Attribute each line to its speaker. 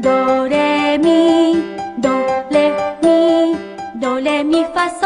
Speaker 1: do re mi do le mi do le mi fa sol